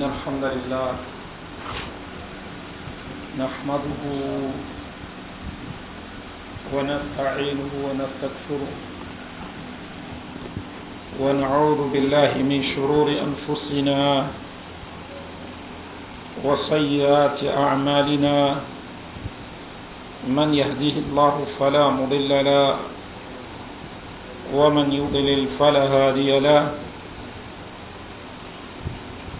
إن الحمد لله نحمده ونستعينه ونستكثره ونعوذ بالله من شرور أنفسنا وسيئات أعمالنا من يهديه الله فلا مضل له ومن يضلل فلا هادي له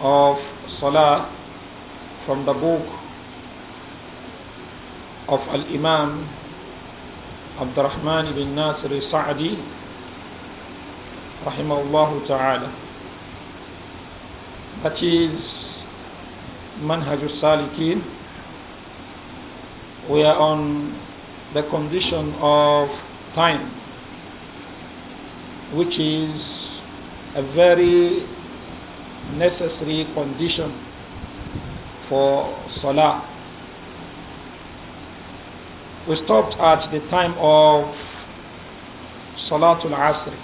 of Salah from the book of Al-Imam Abdurrahman ibn Nasir Sa'di rahimahullah ta'ala that is Manhaj Salikin we are on the condition of time which is a very necessary condition for salah. We stopped at the time of Salatul Asr.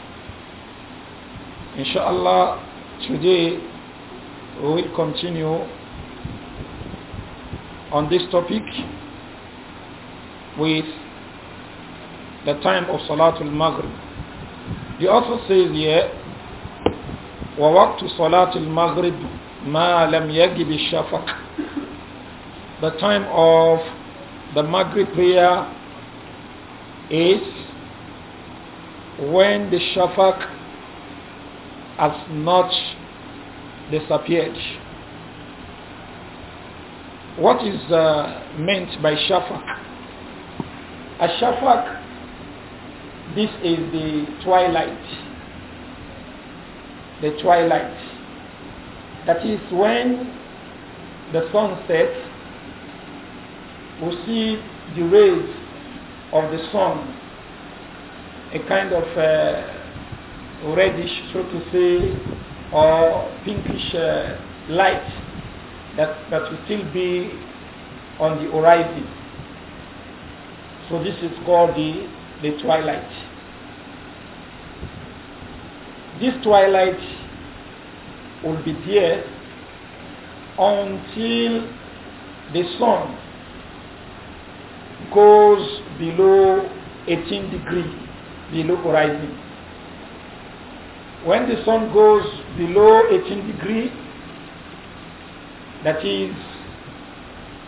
Inshallah, today we will continue on this topic with the time of Salatul Maghrib. The author says here, ووقت صلاة المغرب ما لم يجب الشفق the time of the Maghrib prayer is when the Shafak has not disappeared. What is uh, meant by Shafak? A Shafak, this is the twilight the twilight. That is when the sun sets, we see the rays of the sun, a kind of uh, reddish, so to say, or pinkish uh, light that, that will still be on the horizon. So this is called the, the twilight this twilight will be there until the sun goes below 18 degrees below horizon. When the sun goes below 18 degrees, that is,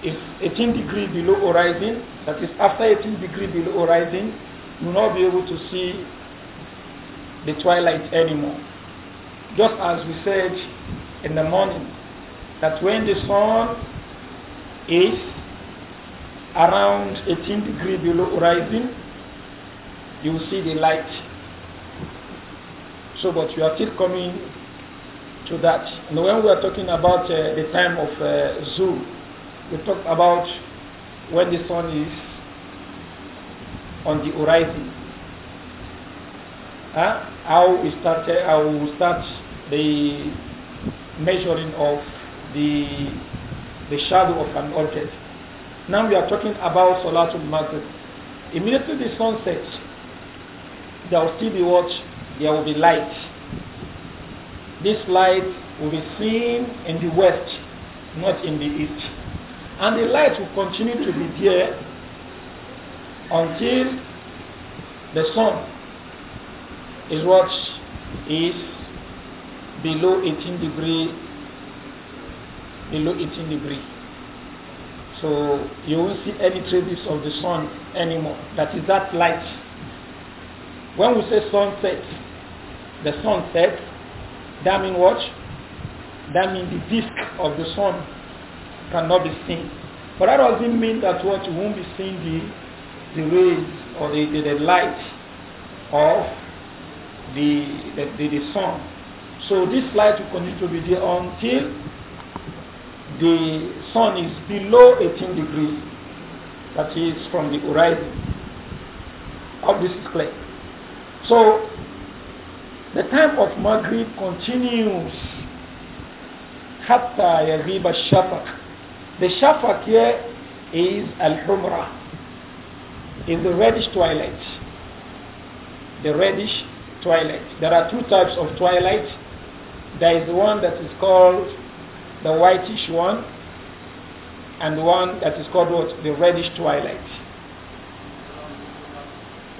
is 18 degrees below horizon, that is after 18 degrees below horizon, you will not be able to see the twilight anymore. Just as we said in the morning, that when the sun is around 18 degrees below horizon, you will see the light. So, but you are still coming to that. And when we are talking about uh, the time of uh, we talk about when the sun is on the horizon how we start uh, how start the measuring of the the shadow of an object. Now we are talking about Salatul Maghrib. Immediately the sun sets, there will still be what? There will be light. This light will be seen in the west, not in the east. And the light will continue to be there until the sun is what is below 18 degree below 18 degree so you won't see any traces of the sun anymore that is that light when we say sunset the sun sets that means what that means the disk of the sun cannot be seen but that doesn't mean that what you won't be seeing the the rays or the, the, the light of the, the, the, the sun. So this light will continue to be there until the sun is below 18 degrees, that is from the horizon. All this is clear. So the time of Maghrib continues حتى يغيب الشفق The shafaq here is al-humra, in the reddish twilight, the reddish twilight. There are two types of twilight. There is the one that is called the whitish one and the one that is called what? The reddish twilight.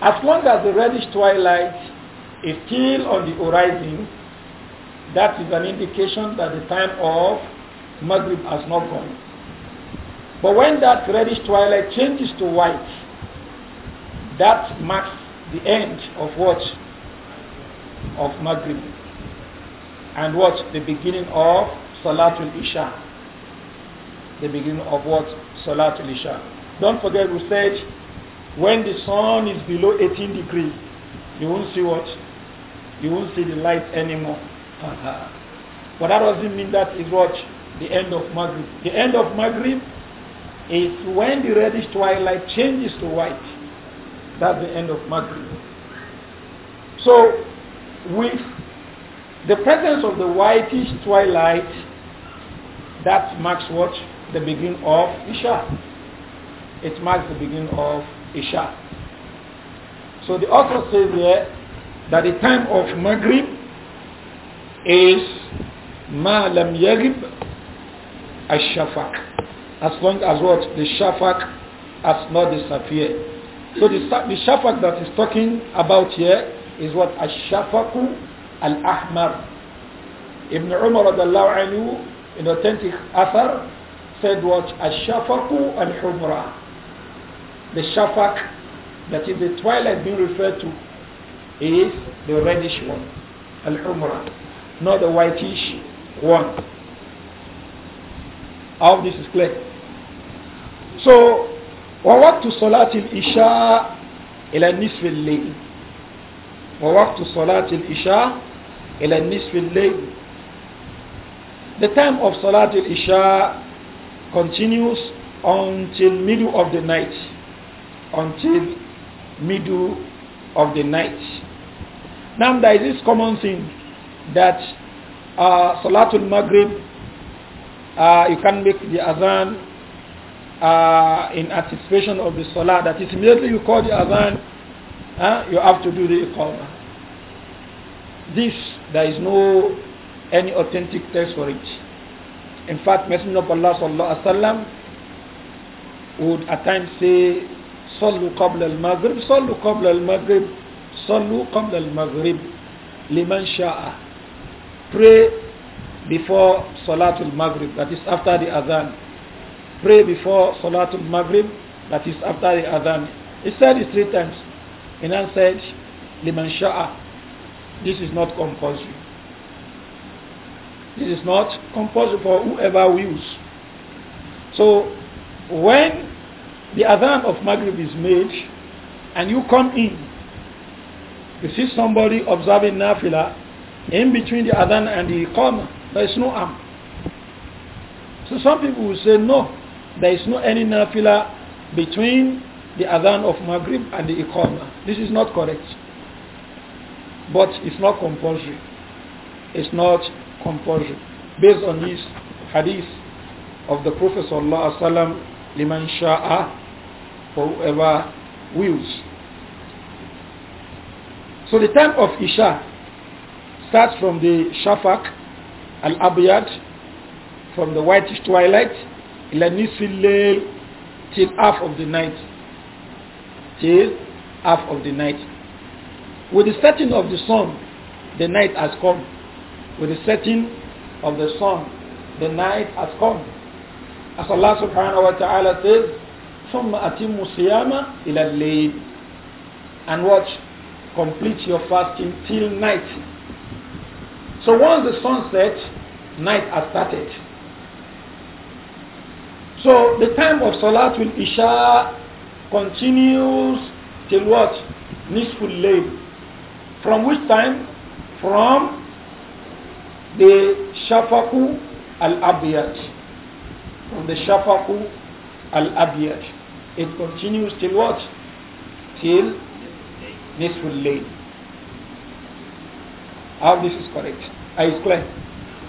As long as the reddish twilight is still on the horizon, that is an indication that the time of Maghrib has not gone. But when that reddish twilight changes to white, that marks the end of what? of Maghrib and what? The beginning of Salatul Isha. The beginning of what? Salatul Isha. Don't forget we said when the sun is below 18 degrees, you won't see what? You won't see the light anymore. Uh-huh. but that doesn't mean that is what? The end of Maghrib. The end of Maghrib is when the reddish twilight changes to white. That's the end of Maghrib. So with the presence of the whitish twilight that marks what? The beginning of Isha. It marks the beginning of Isha. So the author says here that the time of Maghrib is ma lam yarib ash-shafaq as long as what the shafaq has not disappeared so the, the shafaq that is talking about here is what Ash-Shafaqu Al-Ahmar. Ibn Umar anhu, in authentic Athar said what Ash-Shafaqu Al-Humra. The shafak that is the twilight being referred to, is the reddish one, Al-Humra, not the whitish one. All this is clear. So, ووقت صلاة isha إلى نصف الليل ووقت صلاة العشاء إلى النصف الليل The time of Salat al-Isha continues until middle of the night. Until middle of the night. Now there is this common thing that uh, Salatul Maghrib, uh, you can make the Azan uh, in anticipation of the Salah. That is immediately you call the Azan, huh, you have to do the iqamah. This, there is no any authentic text for it. In fact, Messenger of Allah sallallahu alaihi wasallam would at times say, "Sallu qabla al-maghrib, sallu qabla al-maghrib, sallu qabla al-maghrib, liman sha'a." Pray before salatul maghrib, that is after the adhan. Pray before salatul maghrib, that is after the adhan. He said it three times. He then said, Liman Sha'a, this is not compulsory. This is not compulsory for whoever wills. So when the adhan of Maghrib is made and you come in, you see somebody observing Nafila in between the adhan and the Iqamah, there is no am. So some people will say, no, there is no any Nafila between the adhan of Maghrib and the Iqama. This is not correct. But it's not compulsory. It's not compulsory. Based on this hadith of the Prophet sallallahu liman sha'a, for whoever wills. So the time of Isha starts from the Shafak al-Abiyat, from the whitish twilight, ila till half of the night till half of the night. With the setting of the sun, the night has come. With the setting of the sun, the night has come. As Allah subhanahu wa ta'ala says, ثُمَّ أَتِمُّ musyama إِلَى اللَّيْلِ And watch, complete your fasting till night. So once the sun sets, night has started. So the time of Salatul Isha continues till what? Nisful Layl. From which time? From the Shafaku al-Abiyat. From the Shafaku al-Abiyat. It continues till what? Till Nisful Layl. How this is correct? I explain.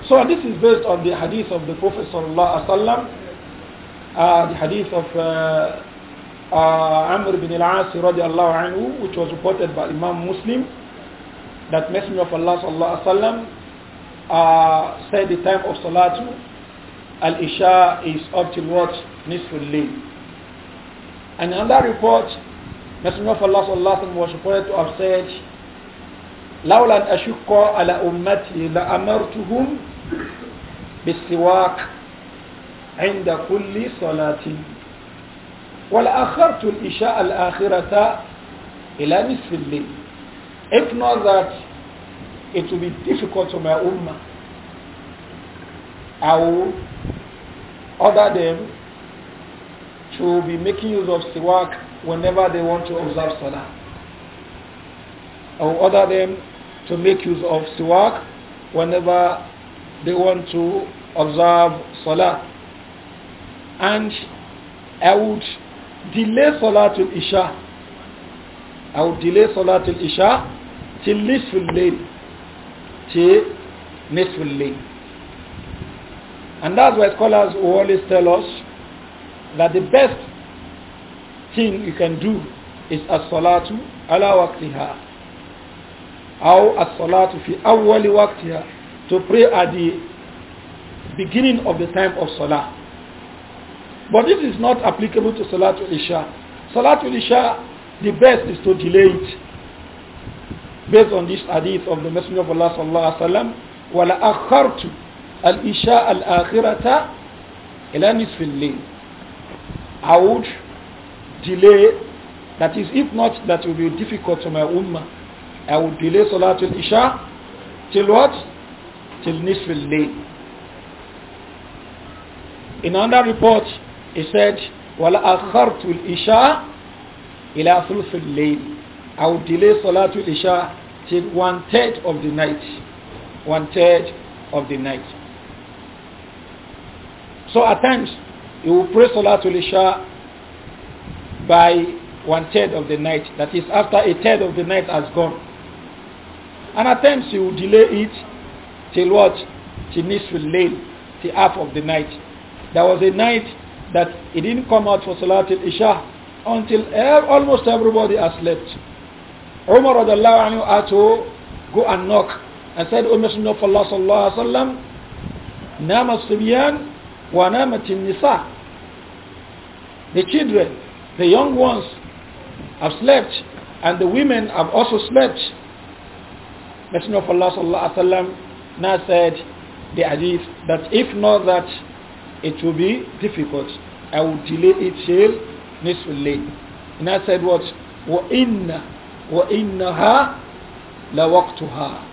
So this is based on the hadith of the Prophet sallallahu alaihi wasallam, uh, the hadith of uh, uh, Amr bin al-As radiallahu anhu, which was reported by Imam Muslim, that Messenger of Allah sallallahu alaihi wasallam uh, said the time of Salatu al-Isha is up till what? Nisful Layl. And that report, Messenger of Allah sallallahu alaihi wasallam was reported to have said, لولا أن أشق على أمتي لأمرتهم بالسواك عند كل صلاة وَلَأَخَرْتُ الْإِشَاءَ الْآخِرَةَ إِلَى نِصْفِ اللَّيْلِ If not that, it will be difficult for my ummah. I will order them to be making use of siwak whenever they want to observe salah. I will order them to make use of siwak whenever they want to observe salah. And I would delay Salatul Isha. I will delay Salatul Isha till Nisful Layl. Till Nisful Layl. And that's why scholars will always tell us that the best thing you can do is as-salatu ala waqtiha or as-salatu fi awwali waqtiha to pray at the beginning of the time of salah but this is not applicable to Salatul Isha. Salatul Isha, the best is to delay it. Based on this hadith of the Messenger of Allah sallallahu alaihi wasallam, wala akhartu al-isha al-akhirata ila nisfil I would delay, that is if not that will be difficult to my ummah, I would delay Salatul Isha till what? Till nisfil layl. In another report, he said, وَلَأَخَّرْتُ الْإِشَاءَ إِلَى ثُلُثِ اللَّيْلِ I will delay Salatul Isha till one third of the night. One third of the night. So at times, you will pray Salatul Isha by one third of the night. That is after a third of the night has gone. And at times you will delay it till what? Till Nisfil Layl, till half of the night. There was a night that he didn't come out for Salatul Isha until almost everybody has slept. Umar Radiallahu anhu had to go and knock and said, O Messenger of Allah sallallahu alaihi wasallam, nama subyan wa namatin nisa. The children, the young ones have slept and the women have also slept. Messenger of Allah sallallahu alaihi wasallam now said the hadith that if not that it will be difficult. I will delay it till next week, And I said what? وَإِنَّ وَإِنَّهَا لَوَقْتُهَا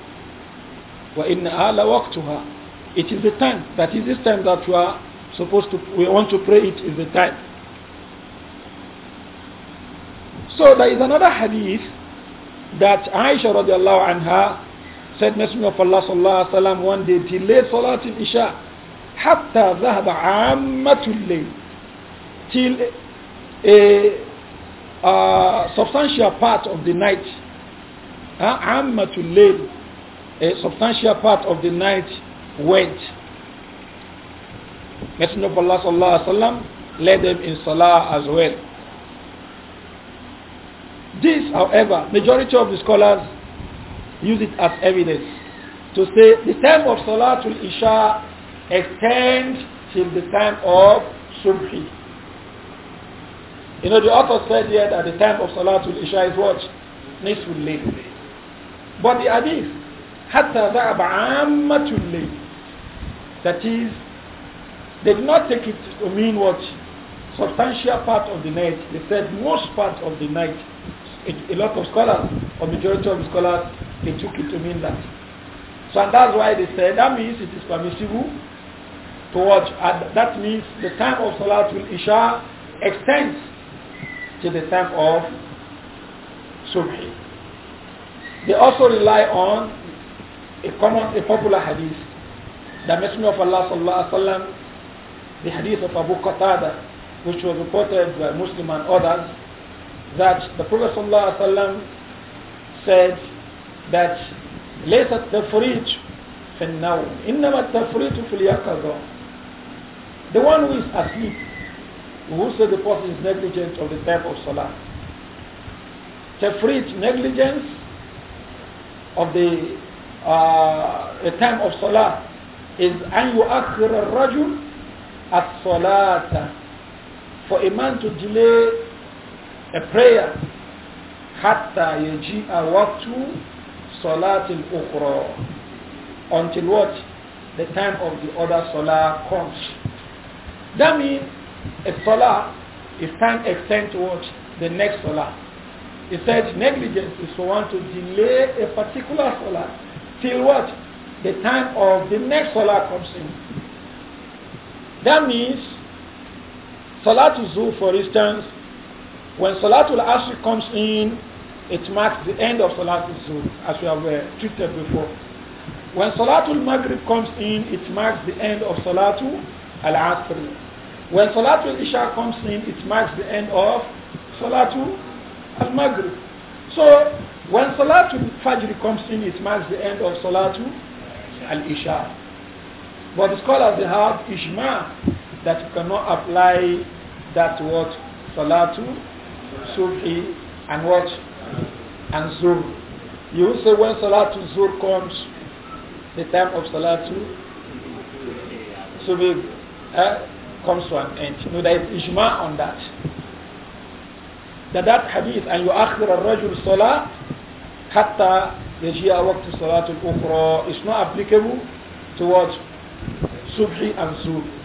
to her. It is the time. That is this time that we are supposed to, we want to pray it is the time. So there is another hadith that Aisha radiallahu anha said Messenger of Allah sallallahu alaihi wasallam one day delayed Salat in Isha حتى ذهب عامة الليل till a substantial part of the night. Amma to lead a substantial part of the night went. Messenger of Allah sallallahu alaihi wasallam led them in salah as well. This, however, majority of the scholars use it as evidence to say the time of salah to Isha extends till the time of Subhi. You know, the author said here that the time of Salatul Isha is what? Nisful Layl. But the hadith, Hatta Za'aba Ammatul Layl. That is, they did not take it to mean what? Substantial part of the night. They said most part of the night. A, a lot of scholars, or majority of scholars, they took it to mean that. So and that's why they said that means it is permissible to watch. And that means the time of Salatul Isha extends to the time of Subhi. They also rely on a common, a popular hadith. The Messenger of Allah sallallahu alaihi wasallam, the hadith of Abu Qatada, which was reported by Muslim and others, that the Prophet sallallahu alaihi wasallam said that ليس التفريج في النوم إنما التفريج في اليقظة the one who is asleep who will say the person is negligent of the type of salah. Tafrit, negligence of the, uh, time of salah is أن يؤخر الرجل الصلاة for a man to delay a prayer حتى يجيء وقت صلاة أخرى until what the time of the other salah comes that means a solar is time to towards the next solar. He said negligence is for one to delay a particular solar till what? The time of the next solar comes in. That means Salatul Zul, for instance, when Salatul Asr comes in, it marks the end of Salatul Zul, as we have uh, treated before. When Salatul Maghrib comes in, it marks the end of Salatul Al-Asr. When Salatul Isha comes in, it marks the end of Salatul Al-Maghrib. So when Salatul Fajr comes in, it marks the end of Salatul Al-Isha. But the scholars they have Ijma that you cannot apply that word Salatul Subhi and what? And Zuhr. You will say when Salatul Zuhr comes, the time of Salatul Subhi. Eh? comes to an end. No, there is ijma on that. That that hadith, and يؤخر الرجل الصلاة حتى يجيء وقت salatul الأخرى is not applicable towards subhi and subhi.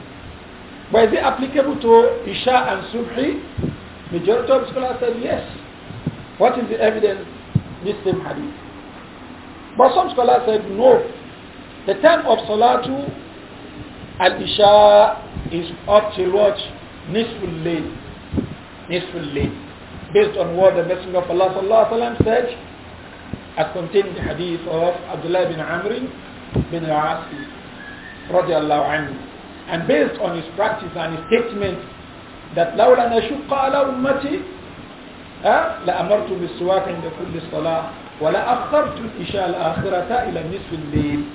But is it applicable to Isha and Subhi? Majority of scholars said yes. What is the evidence? This same hadith. But some scholars said no. The time of Salatu al-Isha is up to watch Nisful Layl. Nisful Layl. Based on what the Messenger of Allah sallallahu alayhi wa said, as contained in the hadith of Abdullah bin Amr bin Al-Asi radiallahu anhu. And based on his practice and his statement that لولا أن أشق على أمتي لأمرت بالسواك عند كل صلاة ولا أخرت الإشاء الآخرة إلى نصف الليل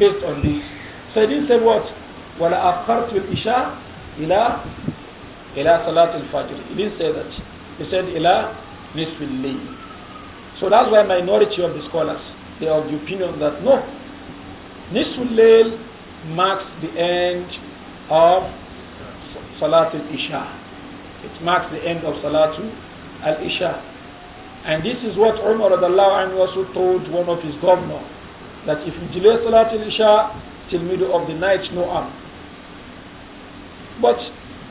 based on this. So he didn't say what? وَلَأَخَّرْتُ الْإِشَاءَ إِلَى إِلَى صَلَاةِ الْفَجْرِ He didn't say that. He said إِلَى نِصْفِ اللَّيْلِ so that's why minority of the scholars, they are of the opinion that no, Nisful Layl marks the end of Salatul Isha. It marks the end of Salatul Al-Isha. And this is what Umar also told one of his governors, that if you delay Salatul Isha till middle of the night, no harm. But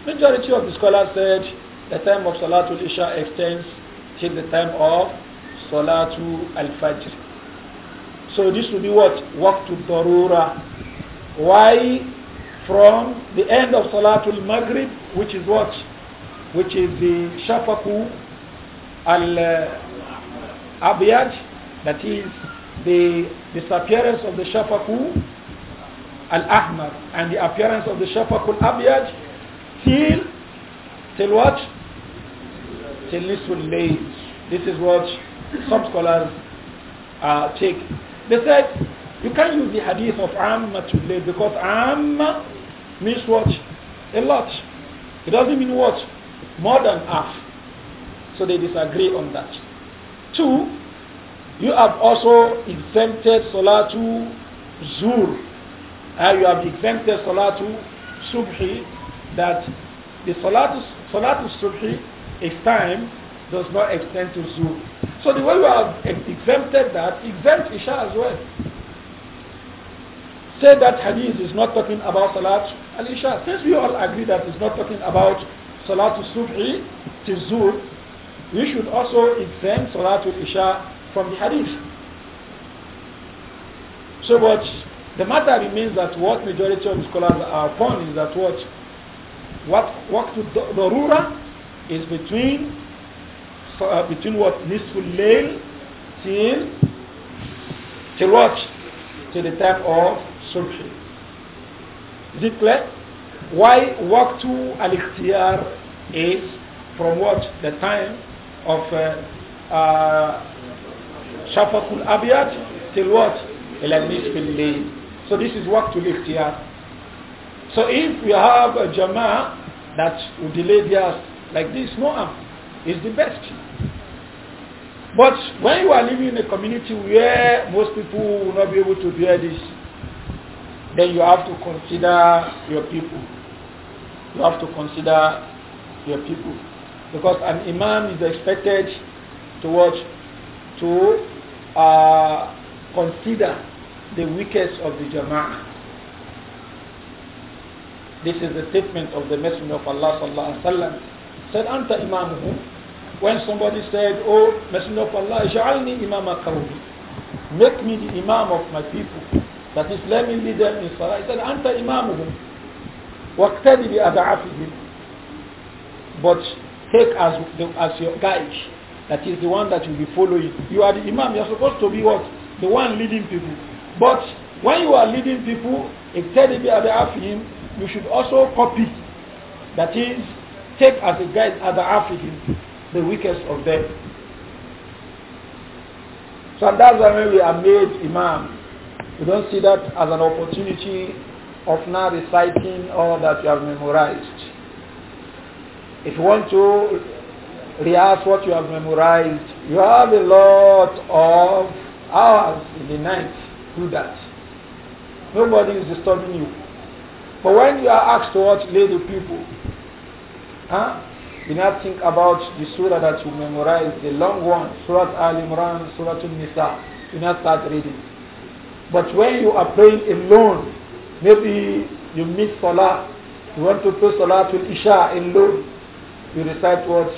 majority of the scholars said the time of Salatul Isha extends till the time of Salatul Al-Fajr. So this will be what? Waqtul Darura. Why? From the end of Salatul Maghrib, which is what? Which is the Shafaku Al-Abiyaj, that is the disappearance of the Shafaku al-ahmar and the appearance of the shafaq al-abyad till till what? Till nisful lay. This is what some scholars uh, take. They said you can't use the hadith of amma to lay because amma means what? A lot. It doesn't mean what? More than half. So they disagree on that. Two, you have also exempted Salatu Zur uh, you have exempted Salatu Subhi, that the Salatu, Salatu Subhi, time, does not extend to Zuhr. So the way you have exempted that, exempt Isha as well. Say that Hadith is not talking about Salat al-Isha. Since we all agree that it's not talking about salatul al-Subhi to Zuhr, we should also exempt salatul isha from the Hadith. So what the matter remains that what majority of scholars are upon is that what what to darura is between uh, between what nisful layl till till what to the time of subh. Is it clear? Why work al ikhtiyar is from what the time of uh, uh, abiyat till what ila nisful so this is work to lift here. So if we have a jama'ah that will delay theirs like this, no It's the best. But when you are living in a community where most people will not be able to bear this, then you have to consider your people. You have to consider your people. Because an imam is expected to watch, to uh, consider the weakest of the jama'ah. This is the statement of the Messenger of Allah sallallahu alaihi wasallam. Said anta imamuhum. When somebody said, "Oh Messenger of Allah, ij'alni imama qawmi," make me the imam of my people. That is, let me lead them in salah. He said, anta imamuhum. Waqtadi bi ad'afihim. But take as as your guide. That is the one that you'll be following. You are the imam. You're supposed to be what? The one leading people. But when you are leading people, if Teddy after him, you should also copy. That is, take as a guide other Africans, the weakest of them. So that's why we are made imam. We don't see that as an opportunity of now reciting all that you have memorized. If you want to rehearse what you have memorized, you have a lot of hours in the night do that. Nobody is disturbing you. But when you are asked to watch little people, huh, you not think about the surah that you memorize, the long one, Surah Al Imran, Surah Al Nisa. Do not start reading. But when you are praying alone, maybe you miss Salah, you want to pray Salah to Isha alone, you recite what?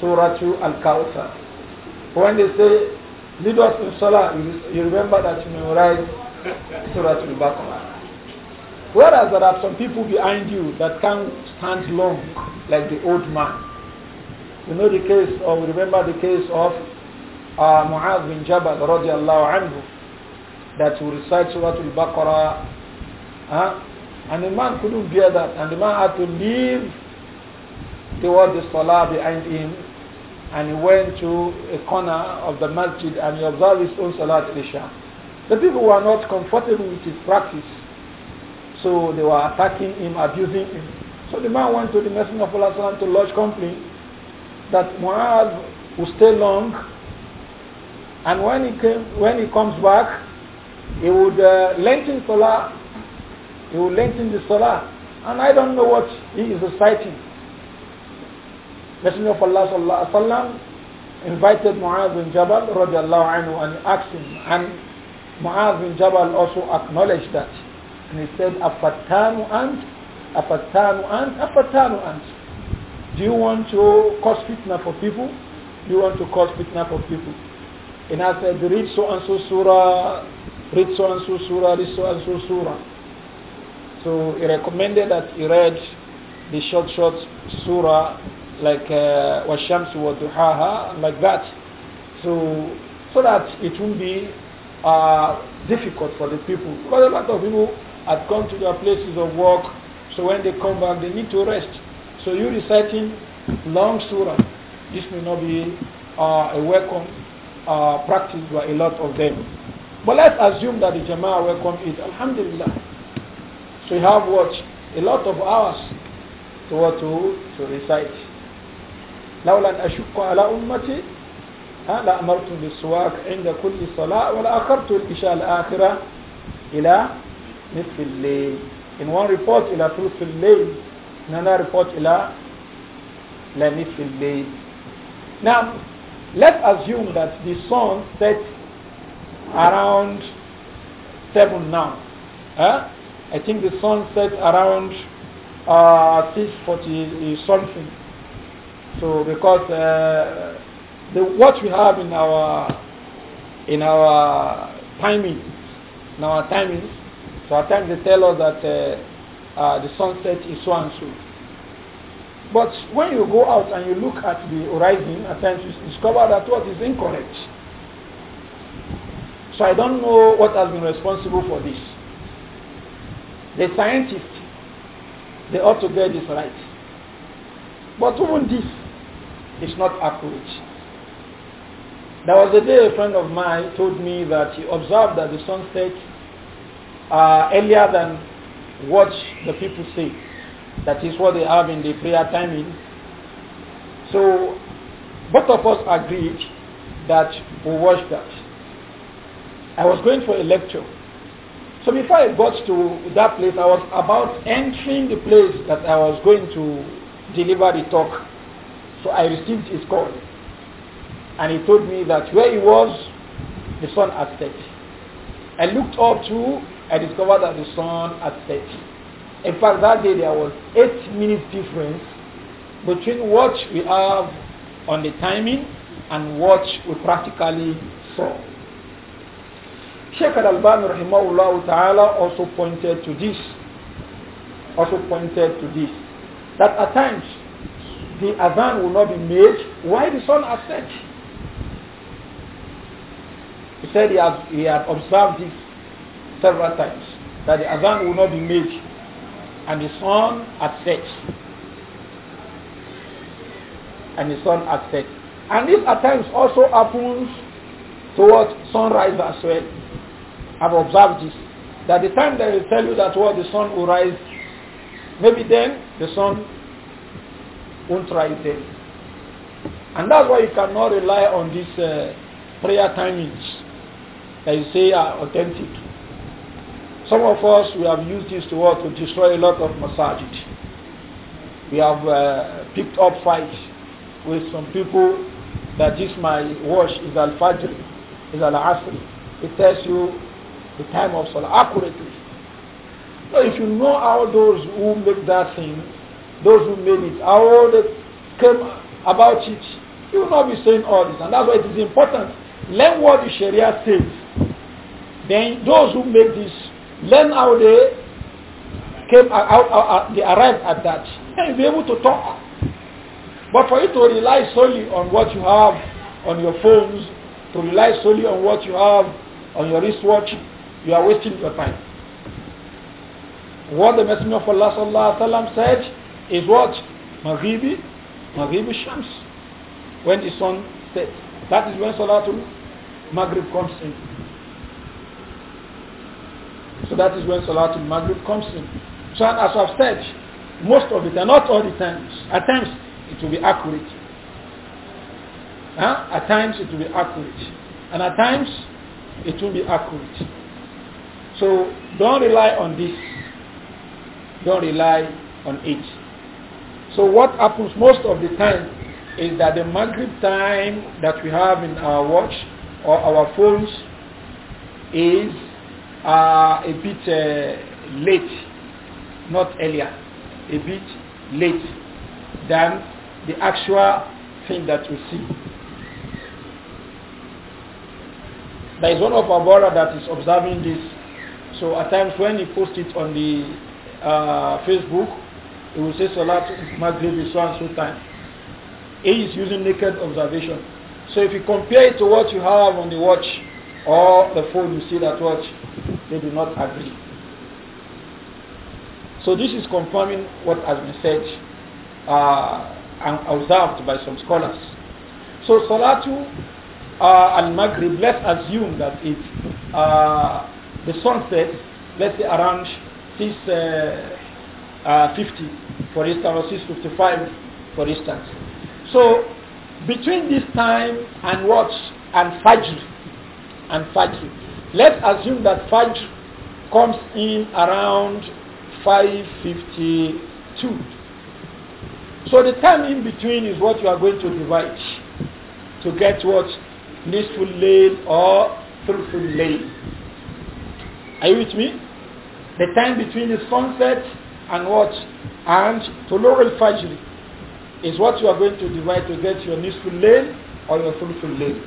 Surah Al Kawthar. When they say lead us in Salah, you remember that you memorize Surah Al-Baqarah. Whereas there are some people behind you that can't stand long, like the old man. You know the case, or we remember the case of uh, Mu'adh bin Jabal radiallahu anhu, that will recite Surah Al-Baqarah, huh? and the man couldn't bear that, and the man had to leave the word the Salah behind him and he went to a corner of the masjid and he observed his own Salat Isha. The people were not comfortable with his practice, so they were attacking him, abusing him. So the man went to the Messenger of Allah to lodge complaint that Muaz will stay long, and when he, came, when he comes back, he would uh, lengthen Salah, he would lengthen the Salah, and I don't know what he is reciting. Messenger of Allah sallallahu alaihi wasallam invited Muadh bin Jabal radiallahu anhu and asked him, and Muadh bin Jabal also acknowledged that, and he said, "Afatanu ant, afatanu ant, afatanu ant." Do you want to cause fitna for people? Do you want to cause fitna for people? And I said, read so and so surah, read so and so surah, read so and so surah. So he recommended that he read the short short surah like uh, وَالشَّمْسُ like that. So, so that it won't be uh, difficult for the people. Because a lot of people have gone to their places of work, so when they come back, they need to rest. So you reciting long surah, this may not be uh, a welcome uh, practice by a lot of them. But let's assume that the Jama'ah welcome it. Alhamdulillah. So you have watched A lot of hours to, to, to recite. لولا أن أشق على أمتي لأمرت بالسواك عند كل صلاة ولأخرت العشاء الآخرة إلى نصف الليل in one report إلى ثلث الليل in another report إلى إلى نصف الليل now let's assume that the sun sets around 7 now huh? I think the sun sets around uh, 640 something so because uh, the, what we have in our in our timing, in our timing, so at times they tell us that uh, uh, the sunset is so and so. But when you go out and you look at the horizon, at times you discover that what is incorrect. So I don't know what has been responsible for this. The scientists, they ought to get this right. But even this, it's not accurate. There was a day a friend of mine told me that he observed that the sun set uh, earlier than what the people say. That is what they have in the prayer timing. So both of us agreed that we watch that. I was going for a lecture. So before I got to that place, I was about entering the place that I was going to deliver the talk. So I received his call. And he told me that where he was, the sun had set. I looked up too, I discovered that the sun had set. In fact, that day there was eight minutes difference between what we have on the timing and what we practically saw. Sheikh Al-Albani rahimahullah ta'ala also pointed to this. Also pointed to this. That at times the azan will not be made Why the sun has set. He said he had, he had observed this several times, that the azan will not be made and the sun has set. And the sun has set. And this at times also happens towards sunrise as well. I've observed this. That the time they will tell you that what the sun will rise, maybe then the sun won't try And that's why you cannot rely on these uh, prayer timings that you say are authentic. Some of us, we have used this to what? To destroy a lot of masajid. We have uh, picked up fights with some people that this my watch is al-fajr, is al-asr. It tells you the time of salah accurately. So if you know how those who make that thing those who made it, how they came about it. You will not be saying all this. And that's why it is important. Learn what the Sharia says. Then those who made this, learn how they came, how, how they arrived at that. And be able to talk. But for you to rely solely on what you have on your phones, to rely solely on what you have on your wristwatch, you are wasting your time. What the Messenger of Allah said, is what? Maghribi, Maghribi Shams. When the sun sets. That is when Salatul Maghrib comes in. So that is when Salatul Maghrib comes in. So as I've said, most of it, and not all the times, at times it will be accurate. Huh? At times it will be accurate. And at times it will be accurate. So don't rely on this. Don't rely on it. So what happens most of the time is that the Maghrib time that we have in our watch or our phones is uh, a bit uh, late, not earlier, a bit late than the actual thing that we see. There is one of our brother that is observing this. So at times when he posts it on the uh, Facebook, he will say Salat Maghrib is so and so time. He is using naked observation. So if you compare it to what you have on the watch or the phone, you see that watch, they do not agree. So this is confirming what has been said uh, and observed by some scholars. So Salatu uh, al-Maghrib, let's assume that it's uh, the sunset, let's say around 6, uh, uh, 50, for instance, or 6.55, for instance. So between this time and what? And Fajr. And Fajr. Let's assume that Fajr comes in around 5.52. So the time in between is what you are going to divide to get what? Nisful Layl or Thulful Layl. Are you with me? The time between the sunset and what? And to al-Fajr is what you are going to divide to get your Nisful lane or your Thulful Layl.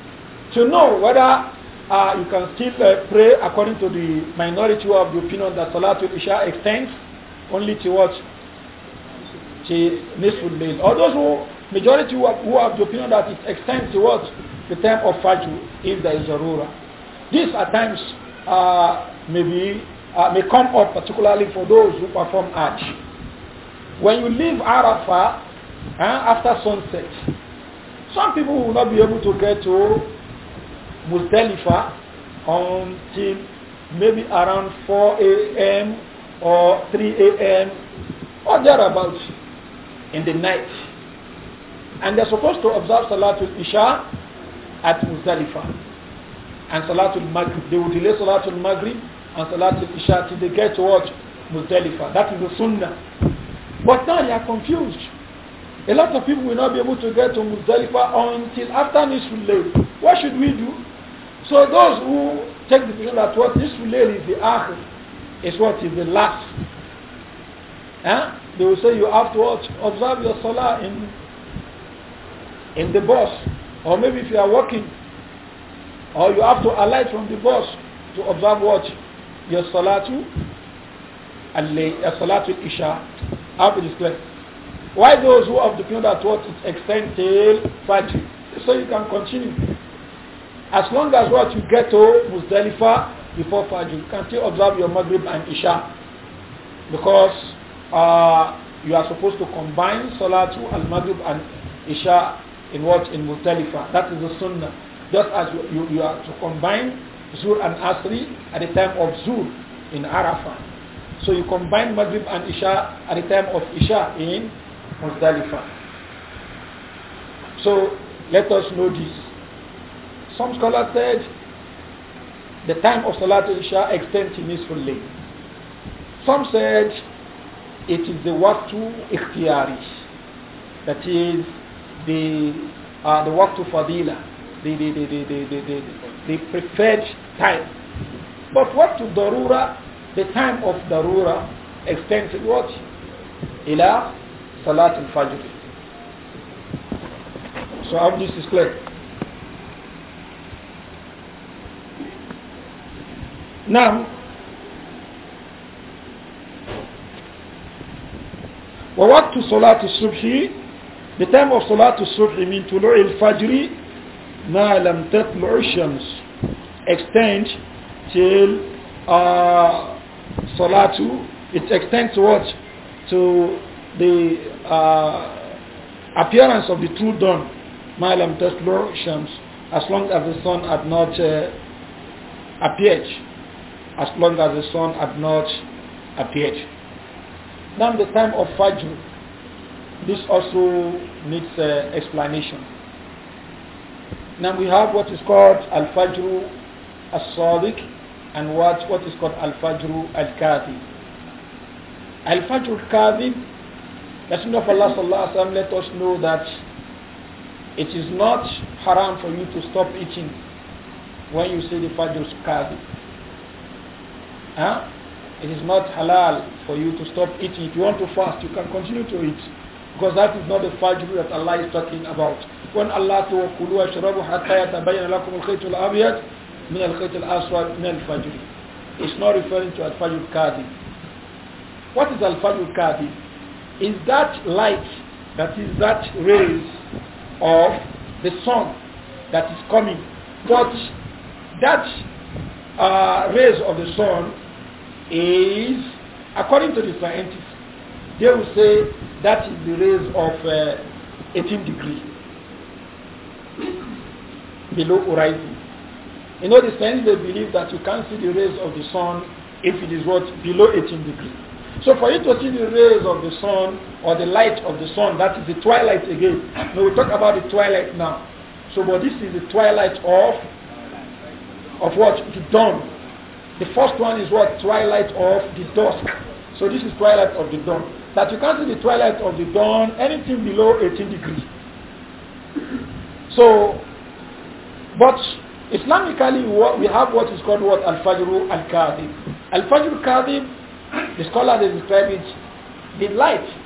To know whether uh, you can still uh, pray according to the minority of the opinion that Salatul Isha extends only to what? To Nisful lane Or those who, majority who have, who have the opinion that it extends to what? The time of Fajr if there is a ruler. These at times uh, may be uh, may come up particularly for those who perform Hajj. When you leave Arafah uh, after sunset, some people will not be able to get to Muzdalifah until maybe around 4 a.m. or 3 a.m. or thereabouts in the night. And they're supposed to observe Salatul Isha at Muzdalifah and Salatul Maghrib. They will delay Salatul Maghrib and Salatul Isha till they get to watch Muzdalifah. That is the Sunnah. But now they are confused. A lot of people will not be able to get to Muzdalifah until after Nisrul Layl. What should we do? So those who take the position that what Nisrul Layl is the akhir, is what is the last. They will say you have to watch, observe your Salah in, in the bus. Or maybe if you are walking, or you have to alight from the bus to observe what? your salatu the uh, salatu isha have this class. Why those who have the opinion that what it extends till Fajr? So you can continue. As long as what you get to Muzdalifah before Fajr, you can still observe your Maghrib and Isha because uh, you are supposed to combine Salatu al-Maghrib and Isha in what? In Muzdalifah. That is the Sunnah. Just as you, you, you are to combine Zul and Asri at the time of Zul in Arafah. So you combine Maghrib and Isha at the time of Isha in Muzdalifah. So let us know this. Some scholars said the time of Salatul Isha extends in Nisful Some said it is the Waqtu Ikhtiyari, that is the, uh, the Waqtu Fadila, the, the, the, the, the, the, the preferred time. But what to darura, the time of darura extends to what? Ila salat al-fajr. So how this is clear? Now, ووقت صلاة الصبح the time of صلاة الصبح من طلوع الفجر ما لم تطلع الشمس extend till uh, it extends to what? To the uh, appearance of the true dawn, Malam Tesla Shams, as long as the sun had not uh, appeared. As long as the sun had not appeared. Now the time of Fajr, this also needs uh, explanation. Now we have what is called Al-Fajr al-sadiq and what, what is called al-fajr al-kadhib. Al-fajr al The Messenger of Allah sallallahu alayhi wa let us know that it is not haram for you to stop eating when you see the fajr al-kadhib. Huh? It is not halal for you to stop eating. If you want to fast, you can continue to eat. Because that is not the fajr that Allah is talking about. When Allah said, من الخيط الأسود من الفجر It's not referring to Al-Fajr Kadi. What is Al-Fajr Kadi? Is that light, that is that rays of the sun that is coming. But that uh, rays of the sun is, according to the scientists, they will say that is the rays of uh, 18 degrees below horizon. In other sense they believe that you can't see the rays of the sun if it is what below 18 degrees. So for you to see the rays of the sun or the light of the sun, that is the twilight again. Now we we'll talk about the twilight now. So but this is the twilight of of what? The dawn. The first one is what? Twilight of the dusk. So this is twilight of the dawn. That you can't see the twilight of the dawn anything below 18 degrees. So but Islamically, we have what is called what Al-Fajr Al-Kadhib. Al-Fajr Al-Kadhib, the scholar they described it, the light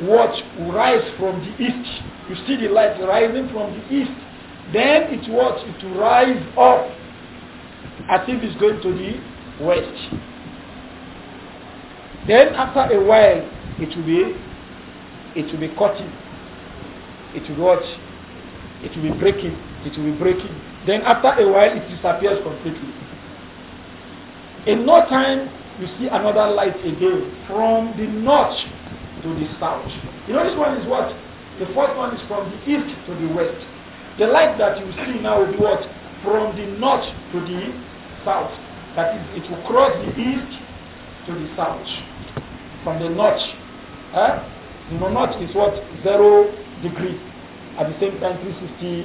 what rise from the east. You see the light rising from the east. Then it what? It rise up as if it's going to the west. Then after a while, it will be, it will be cutting. It will watch. It will be breaking. It will be breaking. Then after a while, it disappears completely. In no time, you see another light again from the north to the south. You know, this one is what? The first one is from the east to the west. The light that you see now will be what? From the north to the south. That is, it will cross the east to the south. From the north. Eh? The north is what? Zero degree. At the same time, 360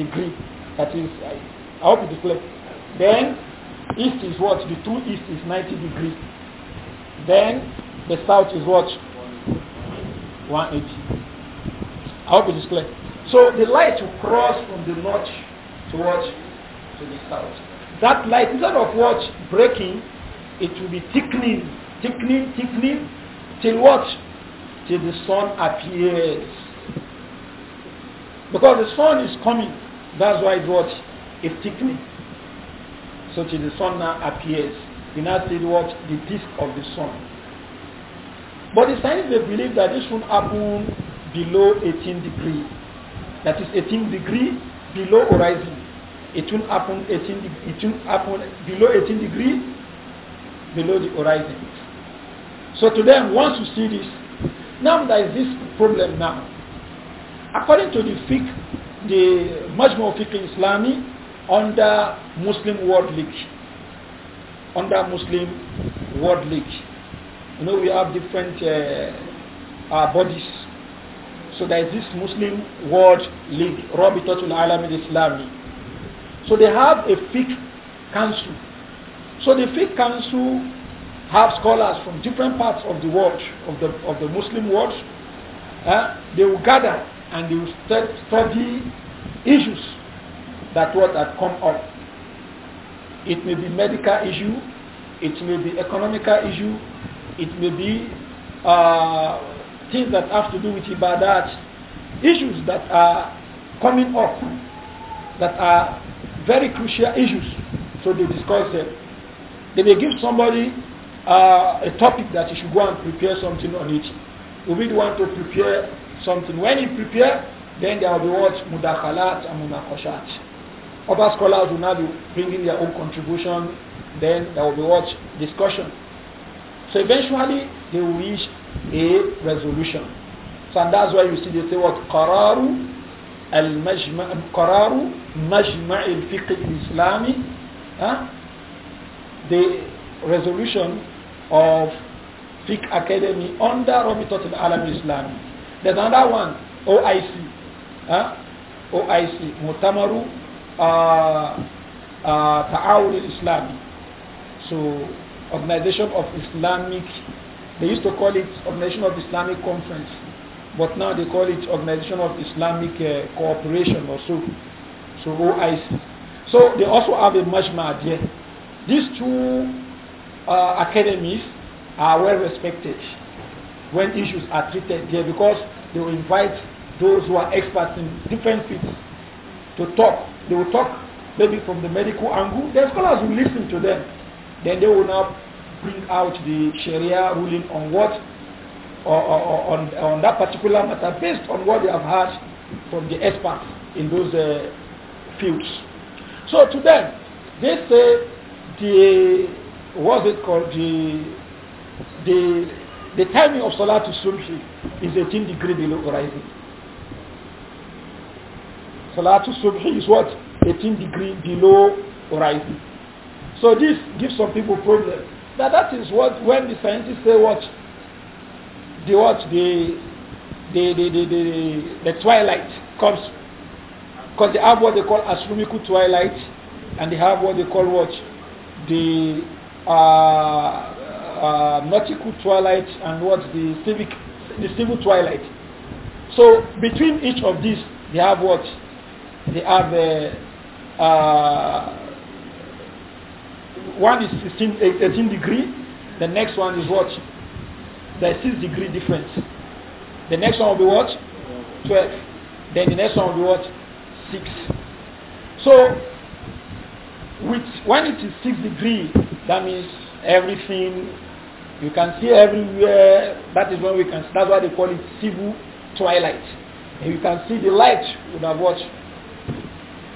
degree. That is, I, hope it is clear. Then, east is what? The true east is 90 degrees. Then, the south is what? 180. I hope it is clear. So the light will cross from the north to what? To the south. That light, instead of what? Breaking, it will be thickening, thickening, thickening, till what? Till the sun appears. Because the sun is coming. That's why what? It's thickening. So till the sun now appears. You now see what? The disk of the sun. But the scientists they believe that this should happen below 18 degrees. That is 18 degrees below horizon. It will happen 18 it will happen below 18 degrees below the horizon. So to them, once you see this, now there is this problem now. According to the fiqh the Majmu Fiqh Islami under Muslim World League. Under Muslim World League. You know, we have different uh, uh, bodies. So there is this Muslim World League, Rabitatul Alam Islami. So they have a fiqh council. So the fiqh council have scholars from different parts of the world, of the, of the Muslim world. Uh, they will gather and you study issues that what that come up. It may be medical issue, it may be economical issue, it may be uh, things that have to do with ibadat, issues that are coming up, that are very crucial issues. So they discuss them. They may give somebody uh, a topic that he should go and prepare something on it. Will be want to prepare something. When you prepare, then there will be what? Mudakhalat and Munakoshat. Other scholars will now be bringing their own contribution, then there will be what? Discussion. So eventually, they will reach a resolution. So and that's why you see they say what? Qararu المجمع قرار مجمع الفقه islami huh? the resolution of Fiqh Academy under Rabitatul Alam Islami there's another one, OIC. Huh? OIC, Mutamaru uh, uh, Ta'awul Islami. So, Organization of Islamic, they used to call it Organization of Islamic Conference, but now they call it Organization of Islamic uh, Cooperation or so. So, OIC. So, they also have a majma there. These two uh, academies are well respected when issues are treated there, because they will invite those who are experts in different fields to talk. They will talk maybe from the medical angle. The scholars will listen to them. Then they will now bring out the Sharia ruling on what or, or, or on, on that particular matter based on what they have heard from the experts in those uh, fields. So to them, they say the what's it called the the the timing of Salatul Subhi is 18 degrees below horizon. Salatul Subhi is what? 18 degrees below horizon. So this gives some people problem. Now that is what when the scientists say what the watch the the the the, the, the twilight comes because they have what they call astronomical twilight and they have what they call what the uh, uh, nautical twilight and what the civic, the civil twilight. So between each of these, they have what? They have uh, uh, one is 16, 18 degree, the next one is what? There's 6 degree difference. The next one will be what? 12. Then the next one will be what? 6. So with, when it is 6 degree, that means everything you can see everywhere. That is when we can. That's why they call it civil twilight. And you can see the light would have watch.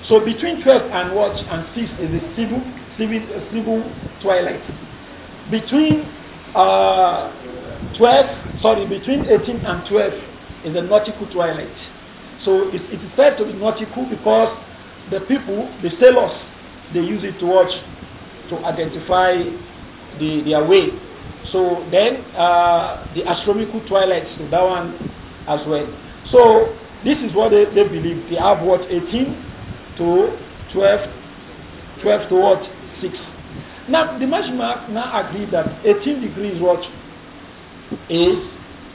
So between 12 and watch and 6 is the civil, civil, civil twilight. Between uh, 12, sorry, between 18 and 12 is the nautical twilight. So it, it is said to be nautical because the people, the sailors, they use it to watch to identify the, their way so then uh, the astronomical twilight, so that one as well. So this is what they, they believe. They have what 18 to 12, 12 to what 6. Now the Majma now agree that 18 degrees what is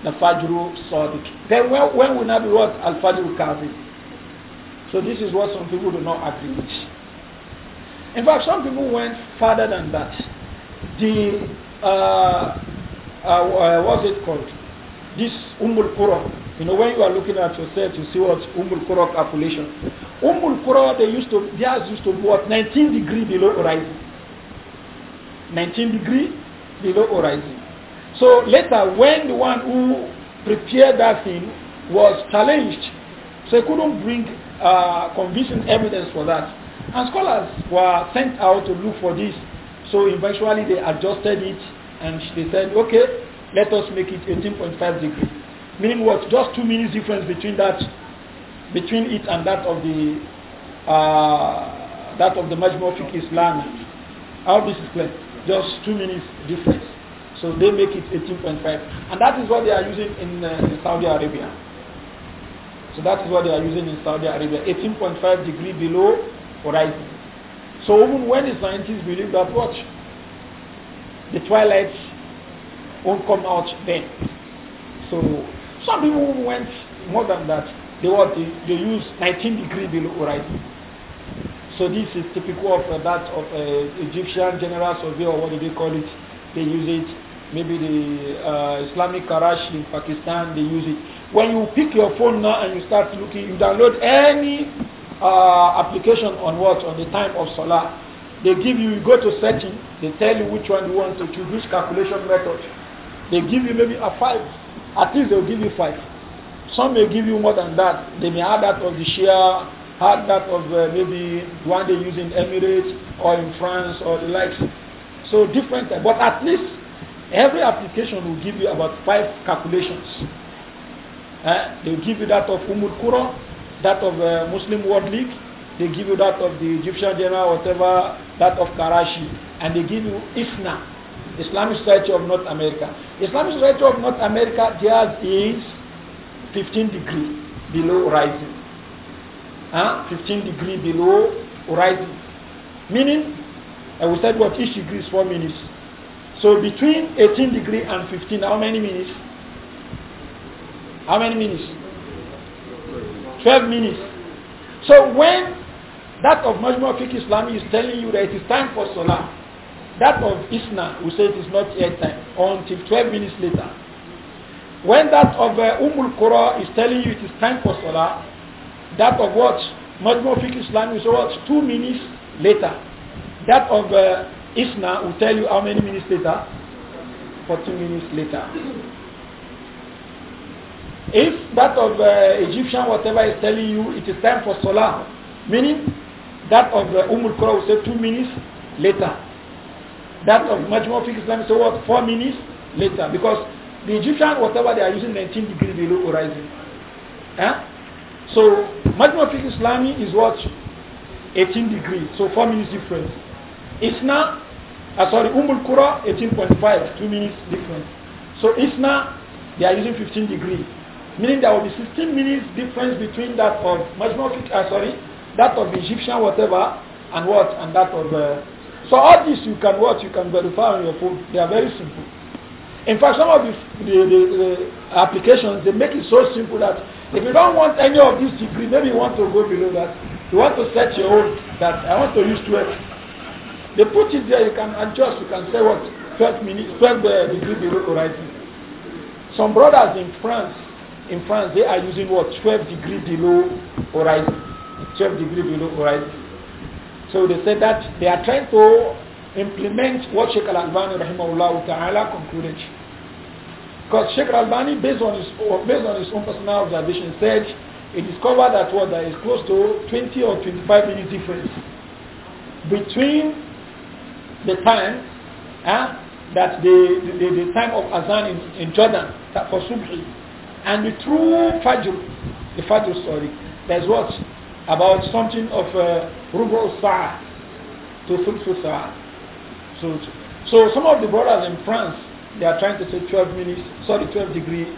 the Fajr Sadiq. Then when, when will not be what Al Fajr Kazim? So this is what some people do not agree with. In fact, some people went further than that. The uh, uh, uh, what's it called? This umul Qura. You know, when you are looking at yourself, you see what umul Qura calculation. Umul Qura, they used to, theirs used to be what? 19 degree below horizon. 19 degree below horizon. So later, when the one who prepared that thing was challenged, so he couldn't bring uh, convincing evidence for that. And scholars were sent out to look for this so eventually they adjusted it and they said, okay, let us make it 18.5 degrees. Meaning what? Just two minutes difference between that, between it and that of the, uh, that of the Majmua Fiqh Islam. All this is clear. Just two minutes difference. So they make it 18.5. And that is what they are using in, uh, in Saudi Arabia. So that is what they are using in Saudi Arabia. 18.5 degree below horizon. So even when the scientists believe that what? The twilight won't come out then. So some people went more than that. They what they, they use 19 degree below horizon. So this is typical of uh, that of uh, Egyptian general survey or what do they call it? They use it. Maybe the uh, Islamic Karachi in Pakistan they use it. When you pick your phone now and you start looking, you download any uh, application on what? On the time of solar, They give you, you go to setting, they tell you which one you want to choose, which calculation method. They give you maybe a five. At least they'll give you five. Some may give you more than that. They may add that of the share, add that of uh, maybe one they use in Emirates or in France or the likes. So different, but at least every application will give you about five calculations. Uh, eh? they'll give you that of Umul Kuro, that of uh, Muslim World League, they give you that of the Egyptian General, whatever, that of Karachi, and they give you ISNA, Islamic Society of North America. Islamic Society of North America, theirs is 15 degree below rising. Huh? 15 degree below rising. Meaning, I will we said what each degree is 4 minutes. So between 18 degree and 15, how many minutes? How many minutes? 12 minutes. So when that of Majmua Fiqh Islam is telling you that it is time for Salah, that of Isna will say it is not yet time until 12 minutes later. When that of uh, Umm qura is telling you it is time for Salah, that of what? Majmua Fiqh Islam will say what? Two minutes later. That of uh, Isna will tell you how many minutes later? 40 minutes later. If that of uh, Egyptian, whatever is telling you, it is time for Salah, meaning that of uh, Umul qura will say two minutes later. That of Majmu Fiqh Islam say what? Four minutes later. Because the Egyptian, whatever they are using 19 degrees below horizon. Eh? So Majmu Islami is what? 18 degrees. So four minutes difference. Isna, uh, sorry, Umul qura 18.5, two minutes difference. So Isna, they are using 15 degrees. Meaning there will be 16 minutes difference between that of Majmuk, uh, sorry, that of Egyptian whatever and what and that of uh, so all this you can what you can verify on your phone. They are very simple. In fact, some of the, the, the, the applications they make it so simple that if you don't want any of these degree, maybe you want to go below that. You want to set your own that I want to use 12. They put it there. You can adjust. You can say what 12 minutes, 12 degrees uh, degree below horizon. Some brothers in France in France, they are using what 12 degree below horizon, 12 degree below horizon. So they said that they are trying to implement what Sheikh Al-Albani rahimahullah ta'ala concluded. Because Sheikh Al-Albani, based on his based on his own personal observation, said he discovered that what there is close to 20 or 25 minutes difference between the time ah, that the, the, the, time of Azan in, in Jordan for Subhi and the true Fajr, the Fajr story, there's what? About something of uh, Rubu uh, Sa'ah to full Sa'ah. So, so some of the brothers in France, they are trying to say 12 minutes, sorry, 12 degree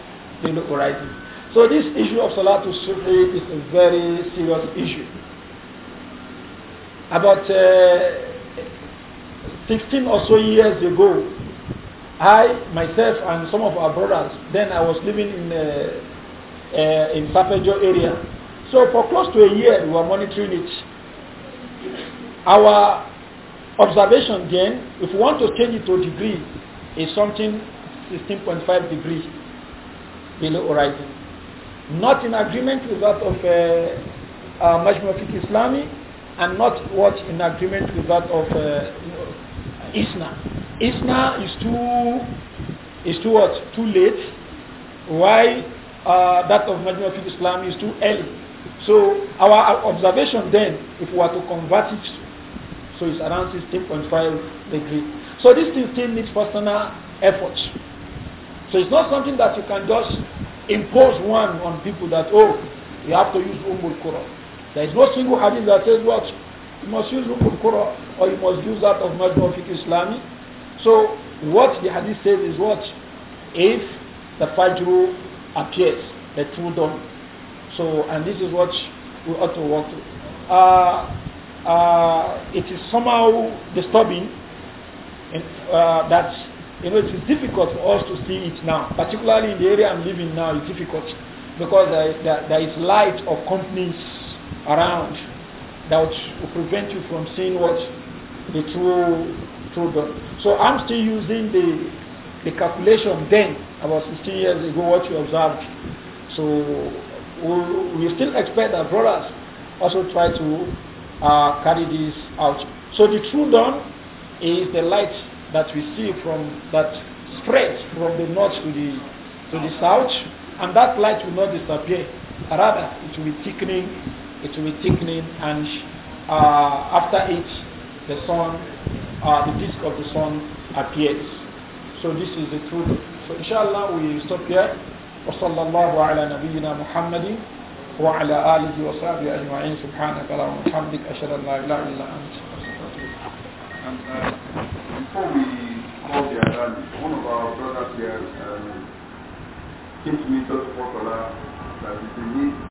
they look horizon. So this issue of Salatul Subhi is a very serious issue. About uh, 16 or so years ago, I, myself, and some of our brothers, then I was living in, uh, uh, in Safejo area. So for close to a year, we were monitoring it. Our observation then, if we want to change it to a degree, is something 16.5 degrees below horizon. Not in agreement with that of uh, uh, Islami and not what in agreement with that of uh, isna. Isna is too is too what? Too late. Why uh, that of Majmu of Islam is too early. So our observation then, if we are to convert it, so it's around 16.5 degree. So this thing still needs personal effort. So it's not something that you can just impose one on people that oh you have to use Ummul Quran. There is no single hadith that says what you umm must use Umm Quran, or you must use that of Majmu Fiqh Islami. So what the hadith says is what? If the Fajr appears, the true dawn. So, and this is what we ought to work to. Uh, uh, it is somehow disturbing uh, that you know, it is difficult for us to see it now, particularly in the area I'm living now. It's difficult because there, there, there is light of companies around that will prevent you from seeing what the true true God. So I'm still using the the calculation then about 16 years ago what you observed. So we, we still expect that brothers also try to uh, carry this out. So the true dawn is the light that we see from that spreads from the north to the to the south, and that light will not disappear. Rather, it will be thickening it will be thickening and uh, after it the sun uh, the disk of the sun appears so this is the truth so inshallah we stop here وصلى الله على نبينا محمد وعلى آله وصحبه أجمعين سبحانك اللهم وبحمدك أشهد أن لا إله إلا أنت And uh, before we call the Adhan, one of our brothers here um, came to me just for Allah that he needs